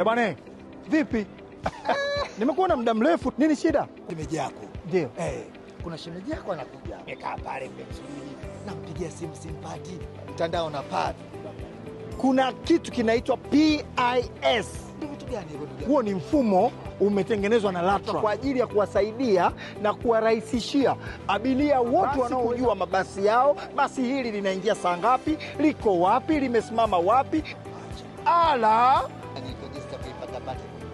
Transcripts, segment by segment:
Eh bwana, vipi? Nimekuona muda mrefu, nini shida? Shemeji yako. Ndio. Eh, kuna shemeji yako anakuja. Nikaa pale pembeni. Nampigia simu simpati. Mtandao na pad. Kuna kitu kinaitwa PIS. Kitu gani hiyo? Huo ni mfumo umetengenezwa na LATRA kwa ajili ya kuwasaidia na kuwarahisishia abiria wote wanaojua mabasi yao, basi hili linaingia saa ngapi, liko wapi, limesimama wapi, ala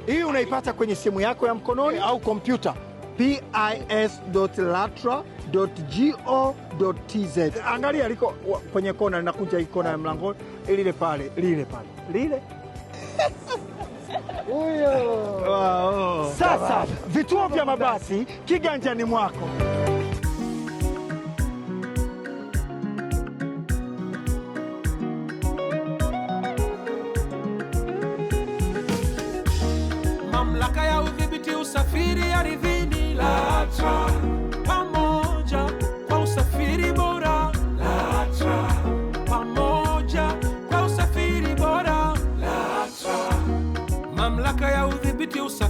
hii unaipata kwenye simu yako ya mkononi au kompyuta pis.latra.go.tz. Angalia liko kwenye kona, linakuja hii kona ya mlango lile pale, lile pale, lile huyo. Sasa vituo vya mabasi kiganjani mwako.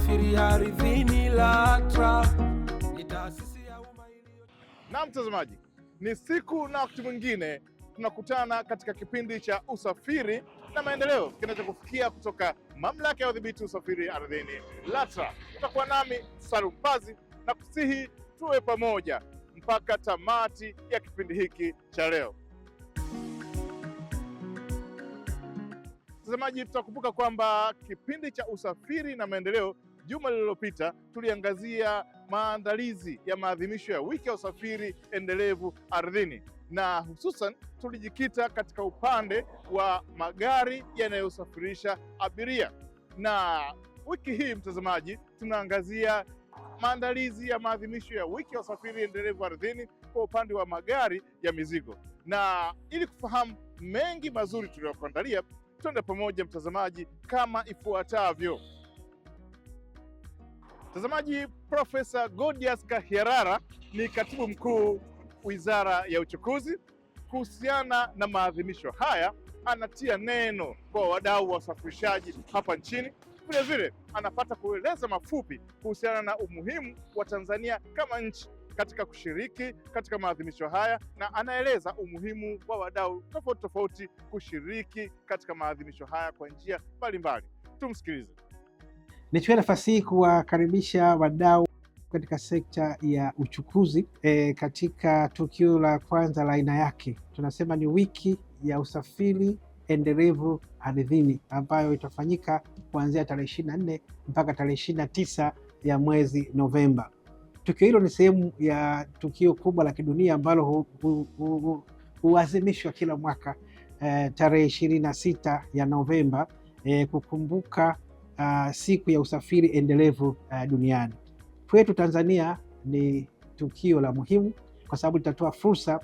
safiri ardhini LATRA ni taasisi ya umma iliyo na mtazamaji, ni siku na wakati mwingine tunakutana katika kipindi cha usafiri na maendeleo kinachokufikia kutoka mamlaka ya udhibiti usafiri ardhini LATRA. Utakuwa nami Salum Pazi na kusihi tuwe pamoja mpaka tamati ya kipindi hiki cha leo. Mtazamaji, tutakumbuka kwamba kipindi cha usafiri na maendeleo Juma lililopita tuliangazia maandalizi ya maadhimisho ya wiki ya usafiri endelevu ardhini na hususan tulijikita katika upande wa magari yanayosafirisha abiria, na wiki hii mtazamaji, tunaangazia maandalizi ya maadhimisho ya wiki ya usafiri endelevu ardhini kwa upande wa magari ya mizigo. Na ili kufahamu mengi mazuri tuliyokuandalia, twende pamoja mtazamaji, kama ifuatavyo. Mtazamaji, Profesa Godias Kahyarara ni katibu mkuu Wizara ya Uchukuzi. Kuhusiana na maadhimisho haya, anatia neno kwa wadau wa usafirishaji hapa nchini. vile vile anapata kueleza mafupi kuhusiana na umuhimu wa Tanzania kama nchi katika kushiriki katika maadhimisho haya, na anaeleza umuhimu wa wadau tofauti tofauti kushiriki katika maadhimisho haya kwa njia mbalimbali. Tumsikilize. Nichukue nafasi hii kuwakaribisha wadau katika sekta ya uchukuzi e, katika tukio la kwanza la aina yake tunasema ni wiki ya usafiri endelevu ardhini ambayo itafanyika kuanzia tarehe ishiri na nne mpaka tarehe ishiri na tisa ya mwezi Novemba. Tukio hilo ni sehemu ya tukio kubwa la kidunia ambalo huazimishwa kila mwaka eh, tarehe ishirini na sita ya Novemba eh, kukumbuka uh, siku ya usafiri endelevu uh, duniani. Kwetu Tanzania ni tukio la muhimu kwa sababu litatoa fursa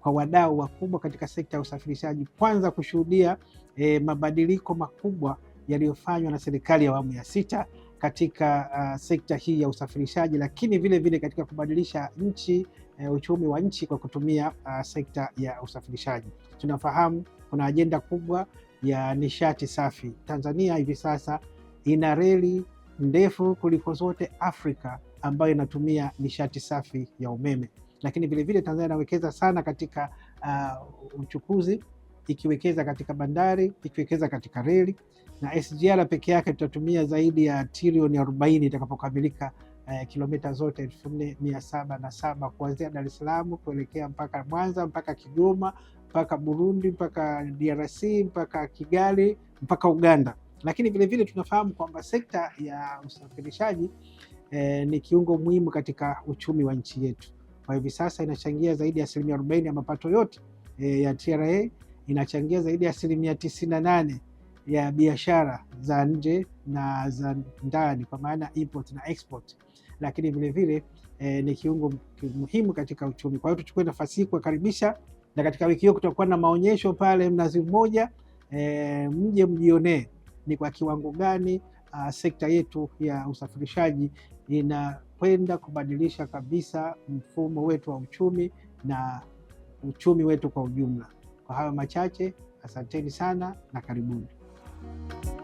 kwa wadau wakubwa katika sekta ya usafirishaji kwanza kushuhudia eh, mabadiliko makubwa yaliyofanywa na serikali ya awamu ya sita katika uh, sekta hii ya usafirishaji, lakini vile vile katika kubadilisha nchi uh, uchumi wa nchi kwa kutumia uh, sekta ya usafirishaji. Tunafahamu kuna ajenda kubwa ya nishati safi Tanzania hivi sasa ina reli ndefu kuliko zote Afrika ambayo inatumia nishati safi ya umeme. Lakini vilevile Tanzania inawekeza sana katika uh, uchukuzi, ikiwekeza katika bandari, ikiwekeza katika reli na SGR peke yake tutatumia zaidi ya trilioni 40 itakapokamilika, uh, kilomita zote elfu nne mia saba na saba kuanzia Dar es Salaam kuelekea mpaka Mwanza mpaka Kigoma mpaka Burundi mpaka DRC mpaka Kigali mpaka Uganda. Lakini vilevile tunafahamu kwamba sekta ya usafirishaji e, ni kiungo muhimu katika uchumi wa nchi yetu. Kwa hivi sasa inachangia zaidi ya asilimia arobaini ya mapato yote e, ya TRA, inachangia zaidi ya asilimia 98 na nane ya biashara za nje na za ndani kwa maana import na export, lakini vilevile e, eh, ni kiungo muhimu katika uchumi. Kwa hiyo tuchukue nafasi hii kuwakaribisha, na katika wiki hiyo kutakuwa na maonyesho pale Mnazi Mmoja, e, mje mjionee ni kwa kiwango gani uh, sekta yetu ya usafirishaji inakwenda kubadilisha kabisa mfumo wetu wa uchumi na uchumi wetu kwa ujumla. Kwa hayo machache, asanteni sana na karibuni.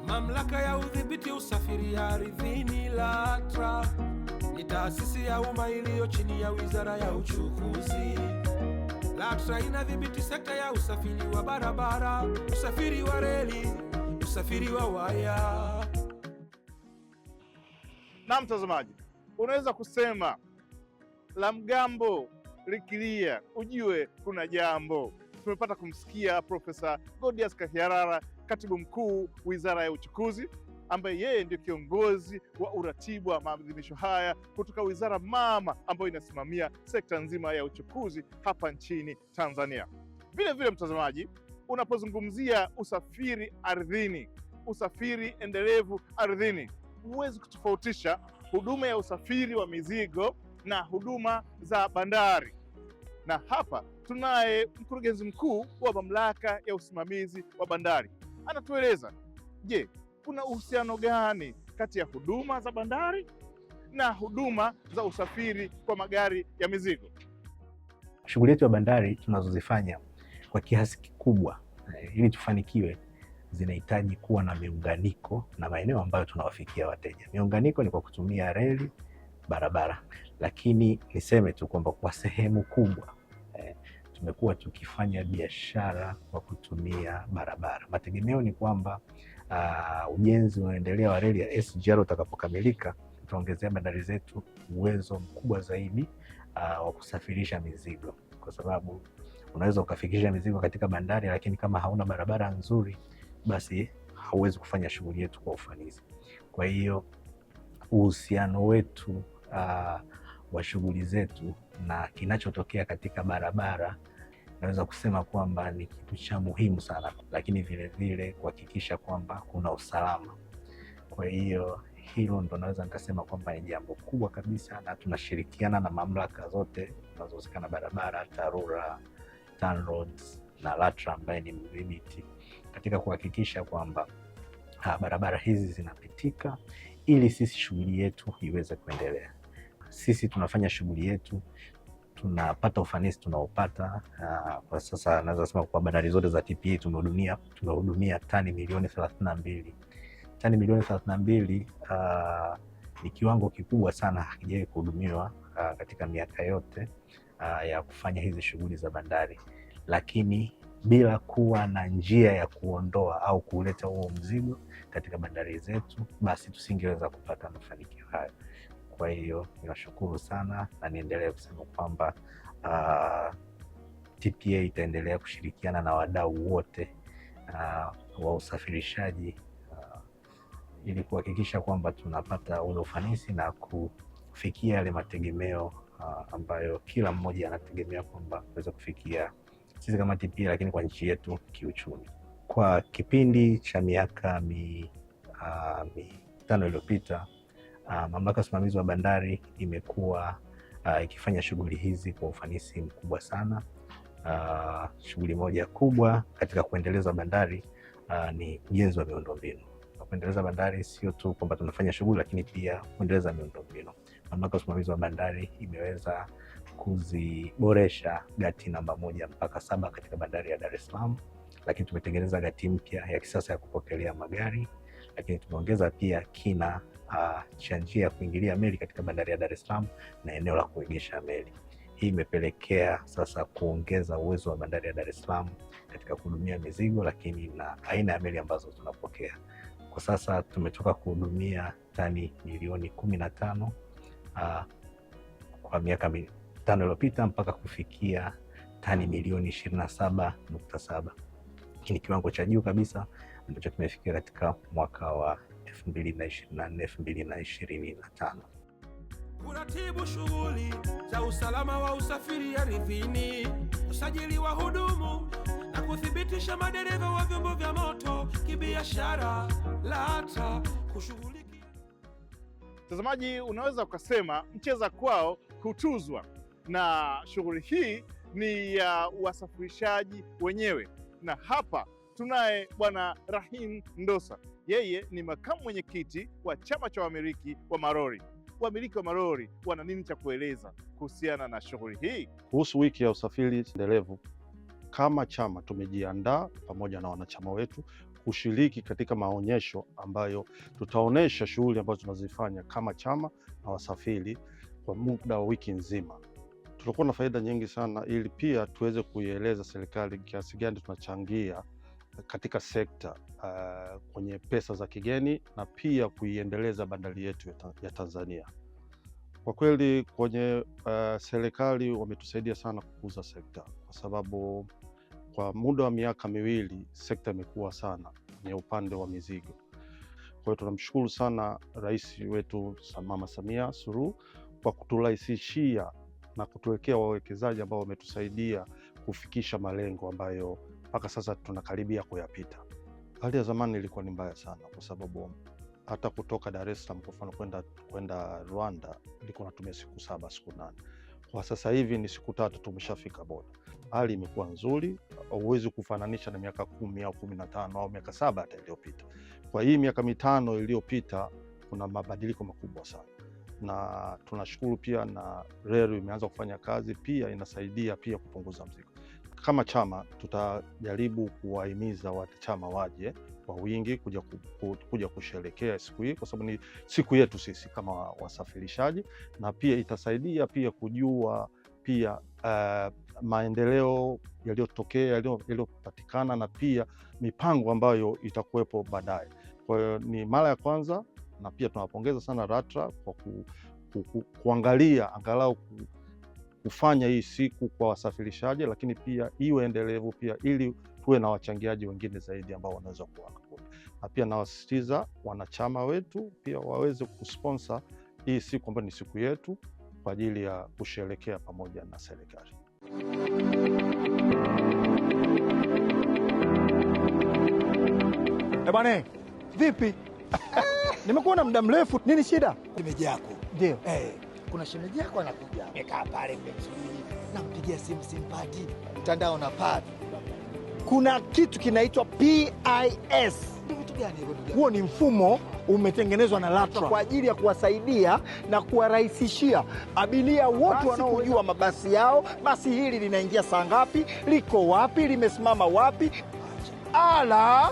Mamlaka ya udhibiti usafiri ya ardhini LATRA ni taasisi ya umma iliyo chini ya wizara ya uchukuzi. LATRA inadhibiti sekta ya usafiri wa barabara, usafiri wa reli usafiri wa waya. Na mtazamaji, unaweza kusema la mgambo likilia ujue kuna jambo. Tumepata kumsikia Profesa Godias Kahiarara, katibu mkuu wizara ya uchukuzi, ambaye yeye ndio kiongozi wa uratibu wa maadhimisho haya kutoka wizara mama ambayo inasimamia sekta nzima ya uchukuzi hapa nchini Tanzania. Vile vile mtazamaji unapozungumzia usafiri ardhini, usafiri endelevu ardhini, huwezi kutofautisha huduma ya usafiri wa mizigo na huduma za bandari. Na hapa tunaye mkurugenzi mkuu wa mamlaka ya usimamizi wa bandari, anatueleza je, kuna uhusiano gani kati ya huduma za bandari na huduma za usafiri kwa magari ya mizigo? Shughuli yetu ya bandari tunazozifanya kwa kiasi kikubwa ili tufanikiwe zinahitaji kuwa na miunganiko na maeneo ambayo tunawafikia wateja. Miunganiko ni kwa kutumia reli, barabara, lakini niseme tu kwamba kwa sehemu kubwa eh, tumekuwa tukifanya biashara kwa kutumia barabara. Mategemeo ni kwamba uh, ujenzi unaoendelea wa reli ya SGR utakapokamilika utaongezea bandari zetu uwezo mkubwa zaidi uh, wa kusafirisha mizigo kwa sababu unaweza ukafikisha mizigo katika bandari, lakini kama hauna barabara nzuri, basi hauwezi kufanya shughuli yetu kwa ufanisi. Kwa hiyo uhusiano wetu uh, wa shughuli zetu na kinachotokea katika barabara naweza kusema kwamba ni kitu cha muhimu sana, lakini vilevile kuhakikisha kwamba kuna usalama. Kwa hiyo hilo ndo naweza nikasema kwamba ni jambo kubwa kabisa, na tunashirikiana na mamlaka zote zinazohusika na barabara, TARURA TANROADS na LATRA ambaye ni mdhibiti katika kuhakikisha kwamba ah, barabara hizi zinapitika ili sisi shughuli yetu iweze kuendelea. Sisi tunafanya shughuli yetu, tunapata ufanisi tunaopata. Ah, kwa sasa naweza sema kwa bandari zote za TPA tumehudumia tumehudumia tani milioni thelathini na mbili tani milioni thelathini na mbili ah, ni kiwango kikubwa sana hakijawahi kuhudumiwa katika miaka yote uh, ya kufanya hizi shughuli za bandari, lakini bila kuwa na njia ya kuondoa au kuleta huo mzigo katika bandari zetu, basi tusingeweza kupata mafanikio hayo. Kwa hiyo niwashukuru sana na niendelee kusema kwamba uh, TPA itaendelea kushirikiana na wadau wote uh, wa usafirishaji uh, ili kuhakikisha kwamba tunapata ule ufanisi na kufikia yale mategemeo uh, ambayo kila mmoja anategemea kwamba kuweza kufikia sisi kama TP, lakini kwa nchi yetu kiuchumi. Kwa kipindi cha miaka mi, uh, mitano iliyopita uh, mamlaka ya usimamizi wa bandari imekuwa uh, ikifanya shughuli hizi kwa ufanisi mkubwa sana. Uh, shughuli moja kubwa katika kuendeleza bandari uh, ni ujenzi wa miundombinu. Kuendeleza bandari sio tu kwamba tunafanya shughuli, lakini pia kuendeleza miundombinu mamlaka usimamizi wa bandari imeweza kuziboresha gati namba moja mpaka saba katika bandari ya Dar es Salaam, lakini tumetengeneza gati mpya ya kisasa ya kupokelea magari, lakini tumeongeza pia kina uh, cha njia ya kuingilia meli katika bandari ya Dar es Salaam na eneo la kuegesha meli. Hii imepelekea sasa kuongeza uwezo wa bandari ya Dar es Salaam katika kuhudumia mizigo, lakini na aina ya meli ambazo tunapokea kwa sasa. Tumetoka kuhudumia tani milioni kumi na tano uh, kwa miaka mitano iliyopita mpaka kufikia tani milioni ishirini na saba nukta saba. Hiki ni kiwango cha juu kabisa ambacho kimefikia katika mwaka wa elfu mbili na ishirini na nne elfu mbili na ishirini na tano kuratibu shughuli za usalama wa usafiri ardhini, usajili wa hudumu na kuthibitisha madereva wa vyombo vya moto kibiashara, LATRA kushughulika Mtazamaji, unaweza ukasema mcheza kwao hutuzwa, na shughuli hii ni ya uh, wasafirishaji wenyewe, na hapa tunaye Bwana Rahim Ndosa, yeye ni makamu mwenyekiti wa chama cha wamiliki wa marori. Wamiliki wa marori wana nini cha kueleza kuhusiana na shughuli hii? Kuhusu wiki ya usafiri endelevu, kama chama tumejiandaa pamoja na wanachama wetu kushiriki katika maonyesho ambayo tutaonyesha shughuli ambazo tunazifanya kama chama na wasafiri kwa muda wa wiki nzima. Tutakuwa na faida nyingi sana, ili pia tuweze kuieleza serikali kiasi gani tunachangia katika sekta uh, kwenye pesa za kigeni na pia kuiendeleza bandari yetu ya Tanzania. Kwa kweli kwenye uh, serikali wametusaidia sana kukuza sekta kwa sababu kwa muda wa miaka miwili sekta imekuwa sana kwenye upande wa mizigo. Kwa hiyo tunamshukuru sana rais wetu Mama Samia Suluhu kwa kuturahisishia na kutuwekea wawekezaji ambao wametusaidia kufikisha malengo ambayo mpaka sasa tunakaribia kuyapita. Hali ya zamani ilikuwa ni mbaya sana, kwa sababu hata kutoka Dar es Salaam kwa mfano kwenda kwenda Rwanda ilikuwa natumia siku saba siku nane. Kwa sasa hivi ni siku tatu tumeshafika boda, hali imekuwa nzuri, huwezi kufananisha na miaka kumi au kumi na tano au miaka saba hata iliyopita. Kwa hii miaka mitano iliyopita kuna mabadiliko makubwa sana, na tunashukuru pia na reli imeanza kufanya kazi pia, inasaidia pia kupunguza mzigo. Kama chama tutajaribu kuwahimiza wanachama waje kwa wingi kuja, ku, ku, kuja kusherekea siku hii kwa sababu ni siku yetu sisi kama wasafirishaji, na pia itasaidia pia kujua pia uh, maendeleo yaliyotokea yaliyopatikana na pia mipango ambayo itakuwepo baadaye. Kwa hiyo ni mara ya kwanza, na pia tunawapongeza sana LATRA kwa ku, ku, ku, kuangalia angalau ku, kufanya hii siku kwa wasafirishaji, lakini pia iwe endelevu pia ili tuwe na wachangiaji wengine zaidi ambao wanaweza kuona Gold. Na pia nawasisitiza wanachama wetu pia waweze kusponsa hii siku ambayo ni siku yetu kwa ajili ya kusherekea pamoja na serikali. E bwana, vipi? Nimekuona muda mrefu, nini shida? Shemeji yako ndio? Eh, kuna shemeji yako anakuja, amekaa pale, nampigia simu simpati, mtandao na kuna kitu kinaitwa PIS. Huo ni mfumo umetengenezwa na LATRA kwa ajili ya kuwasaidia na kuwarahisishia abiria wote wanaojua mabasi yao, basi hili linaingia saa ngapi, liko wapi, limesimama wapi. Ala,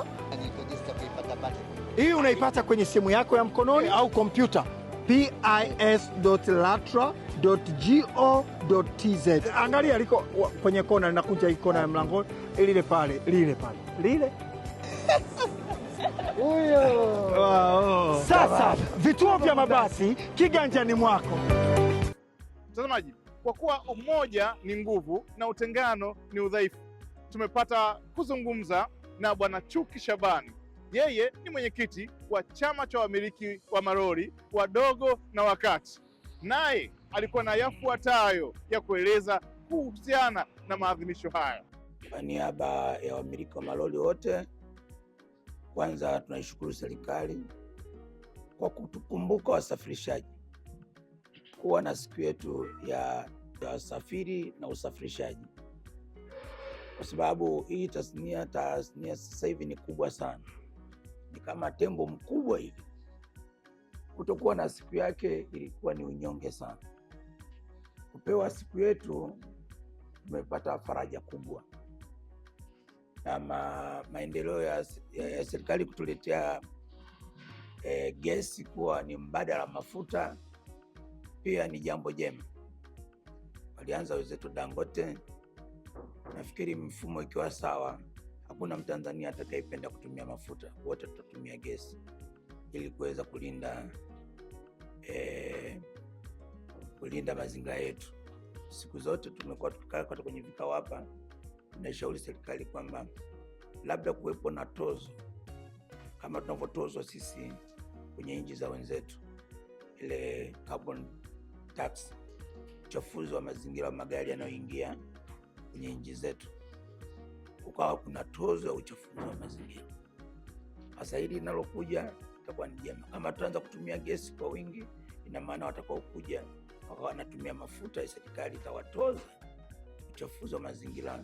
hii unaipata kwenye simu yako ya mkononi eh. au kompyuta pis.latra.go.tz. Angalia liko kwenye kona, linakuja hii kona ya mlango, lile pale, lile pale, lile huyo. Wow. Sasa vituo vya mabasi kiganjani mwako mtazamaji, kwa kuwa umoja ni nguvu na utengano ni udhaifu, tumepata kuzungumza na Bwana Chuki Shabani yeye ni mwenyekiti wa chama cha wamiliki wa malori wadogo na wakati, naye alikuwa na yafuatayo ya kueleza kuhusiana na maadhimisho haya. Kwa niaba ya wamiliki wa malori wote, kwanza tunaishukuru serikali kwa kutukumbuka wasafirishaji kuwa na siku yetu ya wasafiri na usafirishaji, kwa sababu hii tasnia tasnia sasa hivi ni kubwa sana ni kama tembo mkubwa hivi. Kutokuwa na siku yake ilikuwa ni unyonge sana. Kupewa siku yetu, tumepata faraja kubwa na ma, maendeleo ya, ya, ya serikali kutuletea e, gesi kuwa ni mbadala mafuta pia ni jambo jema. Walianza wenzetu Dangote, nafikiri mfumo ikiwa sawa hakuna Mtanzania atakayependa kutumia mafuta, wote tutatumia gesi ili kuweza kulinda e, kulinda mazingira yetu. Siku zote tumekuwa tukikaa kwenye vikao hapa, tunashauri serikali kwamba labda kuwepo na tozo kama tunavyotozwa sisi kwenye nchi za wenzetu, ile carbon tax, uchafuzi wa mazingira wa magari yanayoingia kwenye nchi zetu kukawa kuna tozo ya uchafuzi wa mazingira. Sasa hili linalokuja itakuwa ni jema, kama tutaanza kutumia gesi kwa wingi, ina maana watakao kuja wakawa wanatumia mafuta, serikali itawatoza uchafuzi wa mazingira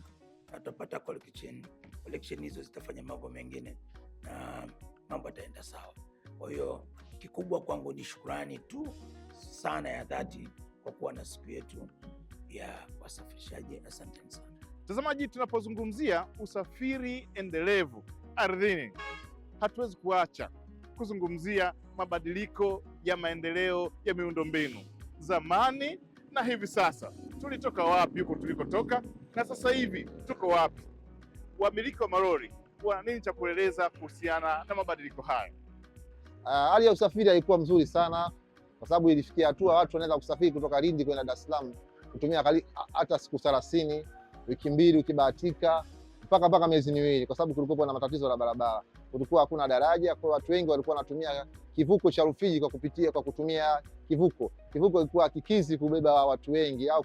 na tutapata collection. Collection hizo zitafanya mambo mengine na mambo yataenda sawa. Kwa hiyo kikubwa kwangu ni shukrani tu sana ya dhati kwa kuwa na siku yetu ya wasafirishaji. Asanteni sana. Mtazamaji, tunapozungumzia usafiri endelevu ardhini, hatuwezi kuacha kuzungumzia mabadiliko ya maendeleo ya miundombinu zamani na hivi sasa. Tulitoka wapi huko tulikotoka na sasa hivi tuko wapi? Wamiliki wa malori wana nini cha kueleza kuhusiana na mabadiliko haya? Ah, hali ya usafiri haikuwa mzuri sana, kwa sababu ilifikia hatua watu wanaweza kusafiri kutoka Lindi kwenda Dar es Salaam kutumia hata siku thelathini wiki mbili, ukibahatika mpaka mpaka miezi miwili, kwa sababu kulikuwa na matatizo la barabara, kulikuwa hakuna daraja. Kwa watu wengi walikuwa wanatumia kivuko cha Rufiji kwa kupitia kwa kutumia kivuko. Kivuko kilikuwa hakikizi kubeba watu wengi au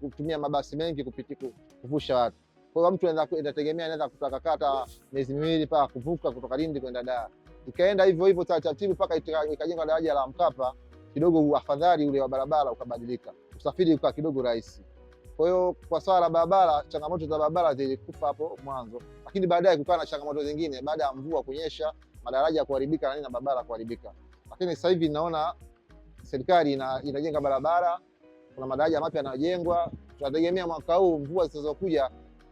kutumia mabasi mengi kupitia kuvusha watu. Kwa hiyo mtu anaweza inategemea, anaweza kutaka kata miezi miwili mpaka kuvuka kutoka Lindi kwenda Dar. Ikaenda hivyo hivyo taratibu mpaka ikajengwa daraja la Mkapa, kidogo afadhali ule wa barabara ukabadilika, usafiri ukawa kidogo rahisi. Kwa hiyo kwa swala la barabara, changamoto za barabara zilikufa hapo mwanzo, lakini baadaye kukawa na changamoto zingine baada ya mvua kunyesha, madaraja ya kuharibika na nini na barabara kuharibika. Lakini sasa hivi naona serikali ina, inajenga barabara, kuna madaraja mapya yanayojengwa. Tunategemea mwaka huu mvua zinazokuja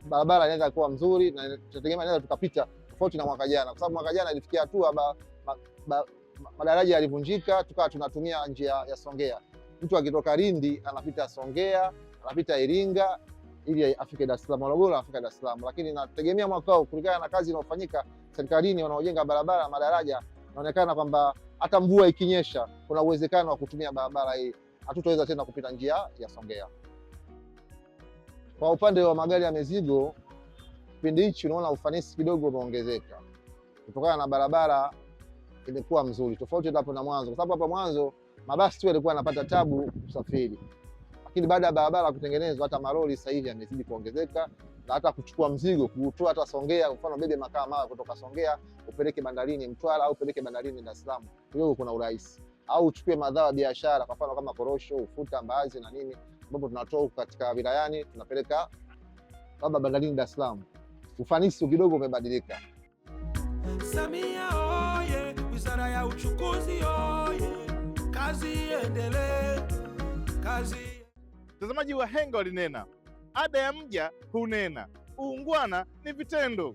barabara inaweza kuwa mzuri na tunategemea inaweza tukapita tofauti na mwaka jana, kwa sababu mwaka jana ilifikia hatua ba, ba, ba, madaraja yalivunjika, tukawa tunatumia njia ya Songea, mtu akitoka Lindi anapita Songea anapita Iringa ili afike Dar es Salaam, Morogoro afike Dar es Salaam, lakini nategemea mwaka huu kulingana na kazi inayofanyika serikalini, wanaojenga barabara, madaraja, inaonekana kwamba hata mvua ikinyesha kuna uwezekano wa kutumia barabara hii, hatutoweza tena kupita njia ya Songea. Kwa upande wa magari ya mizigo, kipindi hichi unaona ufanisi kidogo umeongezeka kutokana na barabara imekuwa mzuri, tofauti hapo na mwanzo, kwa sababu hapo mwanzo mabasi tu yalikuwa yanapata tabu kusafiri. Lakini baada ya barabara kutengenezwa, hata maroli sasa hivi yamezidi kuongezeka na hata kuchukua mzigo kuutoa hata Songea, kwa mfano bebe makaa mawe kutoka Songea upeleke bandarini Mtwara au upeleke bandarini Dar es Salaam, kidogo kuna urahisi, au uchukue madhara ya biashara, kwa mfano kama korosho, ufuta, mbaazi na nini, ambapo tunatoa katika wilayani tunapeleka baba bandarini Dar es Salaam. Ufanisi kidogo umebadilika. Samia oye! Wizara ya Uchukuzi oye! Kazi endelee, kazi Mtazamaji, wahenga walinena, ada ya mja hunena, uungwana ni vitendo.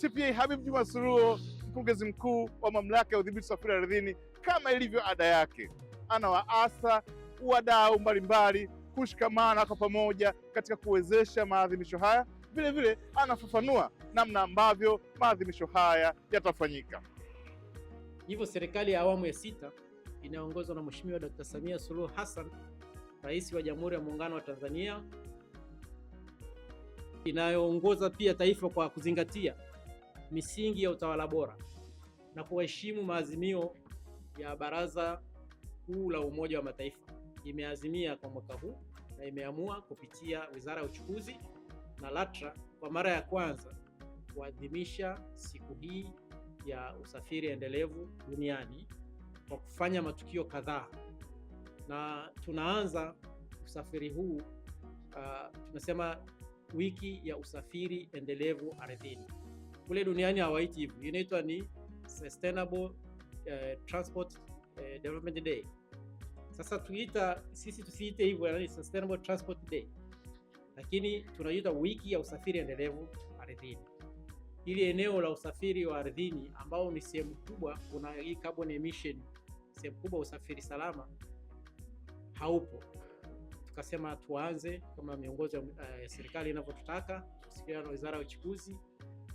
CPA Habib Juma Suluo, mkurugenzi mkuu wa mamlaka ya udhibiti usafiri ardhini, kama ilivyo ada yake, anawaasa wadau mbalimbali kushikamana kwa pamoja katika kuwezesha maadhimisho haya. Vile vile anafafanua namna ambavyo maadhimisho haya yatafanyika. Hivyo serikali ya awamu ya sita inayoongozwa na Mheshimiwa Dr. Samia Suluhu Hassan rais wa Jamhuri ya Muungano wa Tanzania, inayoongoza pia taifa kwa kuzingatia misingi ya utawala bora na kuheshimu maazimio ya Baraza Kuu la Umoja wa Mataifa, imeazimia kwa mwaka huu na imeamua kupitia Wizara ya Uchukuzi na LATRA kwa mara ya kwanza kuadhimisha siku hii ya usafiri endelevu duniani kwa kufanya matukio kadhaa na tunaanza usafiri huu uh, tunasema wiki ya usafiri endelevu ardhini. Kule duniani hawaiti hivo inaitwa ni Sustainable uh, Transport uh, Development Day. Sasa tuita sisi tusiite hivo Sustainable Transport Day, lakini tunaita wiki ya usafiri endelevu ardhini. Ili eneo la usafiri wa ardhini ambao ni sehemu kubwa kuna hii carbon emission, sehemu kubwa usafiri salama haupo. Tukasema tuanze kama miongozo ya uh, serikali inavyotutaka kusikiliana na Wizara ya Uchukuzi,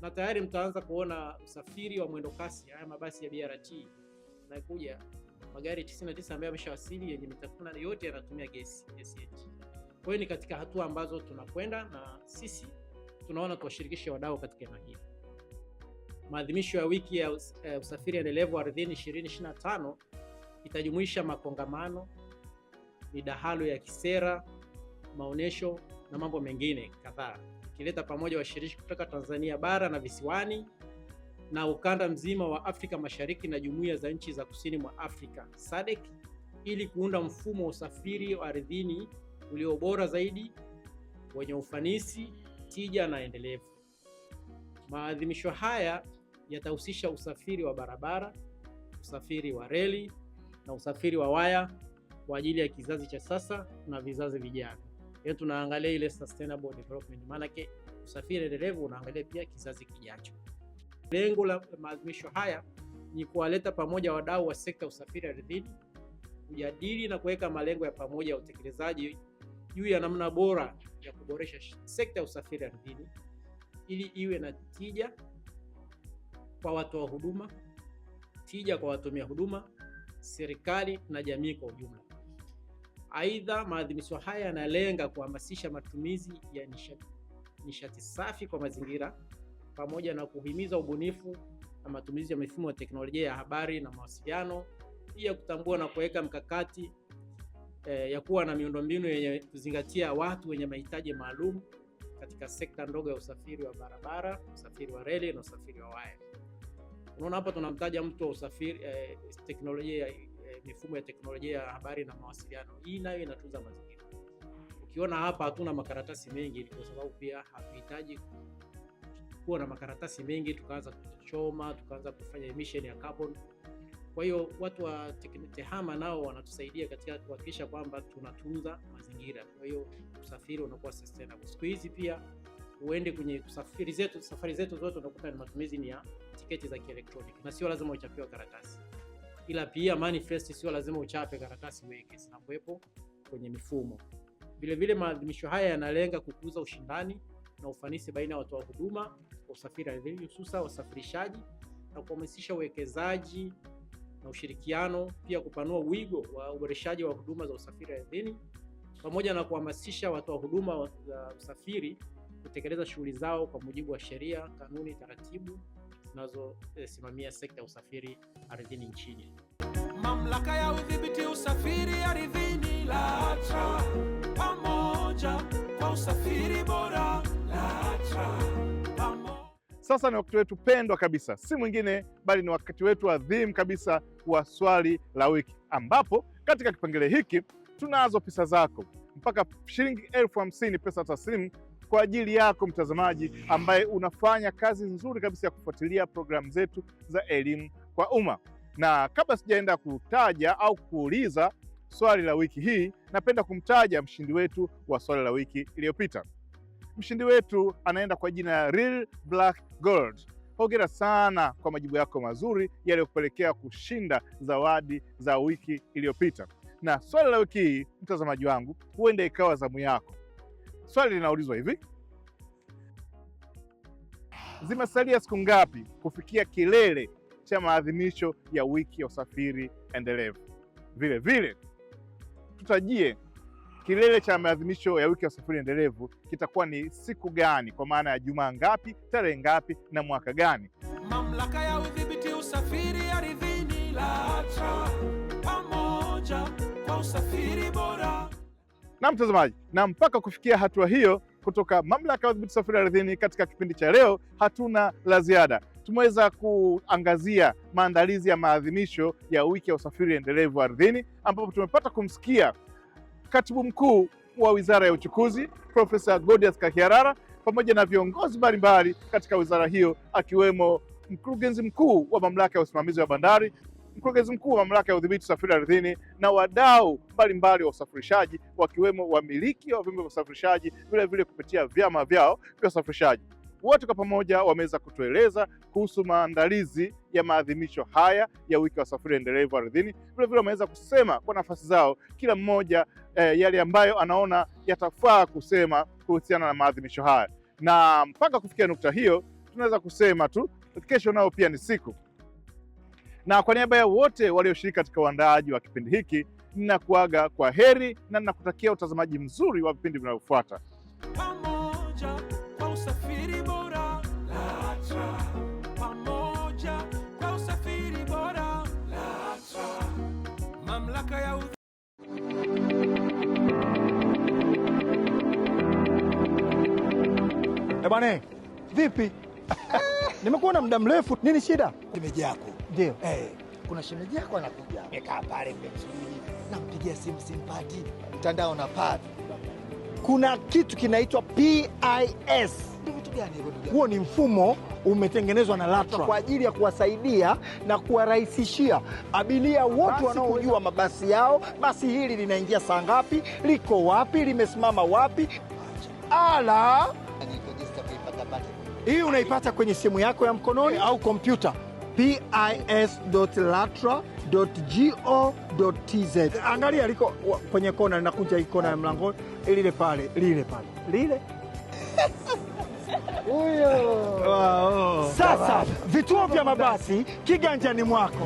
na tayari mtaanza kuona usafiri wa mwendo kasi, haya mabasi ya BRT nakuja magari 99 ambayo yameshawasili yenye mitafuna yote yanatumia gesi gesi. Kwa hiyo ni katika hatua ambazo tunakwenda, na sisi tunaona tuwashirikishe wadau katika eneo hili. Maadhimisho ya wiki ya eh, usafiri endelevu ardhini 2025 itajumuisha makongamano midahalo ya kisera, maonyesho na mambo mengine kadhaa, ikileta pamoja washiriki kutoka Tanzania bara na visiwani na ukanda mzima wa Afrika Mashariki na jumuiya za nchi za kusini mwa Afrika SADC ili kuunda mfumo wa usafiri wa ardhini ulio bora zaidi wenye ufanisi, tija na endelevu. Maadhimisho haya yatahusisha usafiri wa barabara, usafiri wa reli na usafiri wa waya kwa ajili ya kizazi cha sasa na vizazi vijana. Hiyo tunaangalia ile sustainable development, maanake usafiri endelevu unaangalia pia kizazi kijacho. Lengo la maadhimisho haya ni kuwaleta pamoja wadau wa sekta ya usafiri ardhini kujadili na kuweka malengo ya pamoja ya utekelezaji juu ya namna bora ya kuboresha sekta ya usafiri ardhini ili iwe na tija kwa watoa huduma, tija kwa watumia huduma, serikali na jamii kwa ujumla. Aidha, maadhimisho haya yanalenga kuhamasisha matumizi ya nishati, nishati safi kwa mazingira pamoja na kuhimiza ubunifu na matumizi ya mifumo ya teknolojia ya habari na mawasiliano, pia kutambua na kuweka mkakati eh, ya kuwa na miundombinu yenye kuzingatia watu wenye mahitaji maalum katika sekta ndogo ya usafiri wa barabara, usafiri wa reli na usafiri wa waya. Unaona hapa tunamtaja mtu wa usafiri eh, teknolojia mifumo ya teknolojia ya habari na mawasiliano. Hii nayo inatunza mazingira. Ukiona hapa hatuna makaratasi mengi, ni kwa sababu pia hatuhitaji kuwa na makaratasi mengi tukaanza kuchoma, tukaanza kufanya emission ya carbon. Kwa hiyo watu wa TEHAMA nao wanatusaidia katika kuhakikisha kwamba tunatunza mazingira, kwa hiyo usafiri unakuwa sustainable. Siku hizi pia uende kwenye safari zetu, safari zetu zote unakuta ni matumizi ni ya tiketi za kielektroniki na sio lazima uchapiwa karatasi ila pia manifest sio lazima uchape karatasi weke, zinakuwepo kwenye mifumo. Vilevile maadhimisho haya yanalenga kukuza ushindani na ufanisi baina ya watoa huduma wa usafiri ardhini, hususa wasafirishaji na kuhamasisha uwekezaji na ushirikiano, pia kupanua wigo wa uboreshaji wa huduma za usafiri ardhini pamoja na kuhamasisha watoa huduma za usafiri kutekeleza shughuli zao kwa mujibu wa sheria, kanuni, taratibu zinazosimamia sekta ya usafiri ardhini nchini. Mamlaka ya udhibiti usafiri ardhini LATRA, pamoja kwa usafiri bora LATRA. Sasa ni wakati wetu pendwa kabisa, si mwingine bali ni wakati wetu adhimu kabisa wa swali la wiki, ambapo katika kipengele hiki tunazo pesa zako mpaka shilingi elfu hamsini pesa taslimu kwa ajili yako mtazamaji ambaye unafanya kazi nzuri kabisa ya kufuatilia programu zetu za elimu kwa umma. Na kabla sijaenda kutaja au kuuliza swali la wiki hii, napenda kumtaja mshindi wetu wa swali la wiki iliyopita. Mshindi wetu anaenda kwa jina ya Real Black Gold. Hongera sana kwa majibu yako mazuri yaliyokupelekea kushinda zawadi za wiki iliyopita. Na swali la wiki hii, mtazamaji wangu, huenda ikawa zamu yako Swali linaulizwa hivi, zimesalia siku ngapi kufikia kilele cha maadhimisho ya wiki ya usafiri endelevu? Vile vile tutajie kilele cha maadhimisho ya wiki ya usafiri endelevu kitakuwa ni siku gani, kwa maana ya jumaa ngapi, tarehe ngapi na mwaka gani? Mamlaka ya udhibiti usafiri ardhini LATRA, pamoja kwa usafiri bora na mtazamaji, na mpaka kufikia hatua hiyo, kutoka Mamlaka ya Udhibiti Usafiri Ardhini, katika kipindi cha leo hatuna la ziada. Tumeweza kuangazia maandalizi ya maadhimisho ya wiki ya usafiri endelevu ardhini, ambapo tumepata kumsikia katibu mkuu wa Wizara ya Uchukuzi Profesa Godias Kakiarara pamoja na viongozi mbalimbali katika wizara hiyo akiwemo mkurugenzi mkuu wa Mamlaka ya Usimamizi wa Bandari mkurugenzi mkuu wa mamlaka ya udhibiti usafiri ardhini na wadau mbalimbali wa usafirishaji wakiwemo wamiliki wa vyombo vya usafirishaji, vile vile kupitia vyama vyao vya usafirishaji. Wote kwa pamoja wameweza kutueleza kuhusu maandalizi ya maadhimisho haya ya wiki ya usafiri endelevu ardhini. Vilevile wameweza kusema kwa nafasi zao kila mmoja eh, yale ambayo anaona yatafaa kusema kuhusiana na maadhimisho haya, na mpaka kufikia nukta hiyo tunaweza kusema tu kesho nao pia ni siku na kwa niaba ya wote walioshiriki katika uandaaji wa kipindi hiki ninakuaga kwa heri na ninakutakia utazamaji mzuri wa vipindi vinavyofuata. Pamoja kwa usafiri bora LATRA, pamoja kwa usafiri bora LATRA, mamlaka ya Ebane, eh, eh, vipi? Nimekuona muda mrefu, nini shida? Nimejako ndio. Eh, kuna shemeji yako anakuja. Amekaa pale mmemsubiri. Nampigia simu simpati. Mtandao na pati. Kuna kitu kinaitwa PIS. Huo ni mfumo umetengenezwa na LATRA kwa ajili ya kuwasaidia na kuwarahisishia abiria wote wanaojua mabasi yao, basi hili linaingia saa ngapi, liko wapi, limesimama wapi. Ala, yaani hii unaipata kwenye simu yako ya mkononi eh. au kompyuta pis.latra.go.tz. Angalia liko kwenye kona, linakuja ikona ya mlango lile pale, lile pale, lile huyo. Wow, Sasa vituo vya mabasi kiganjani mwako.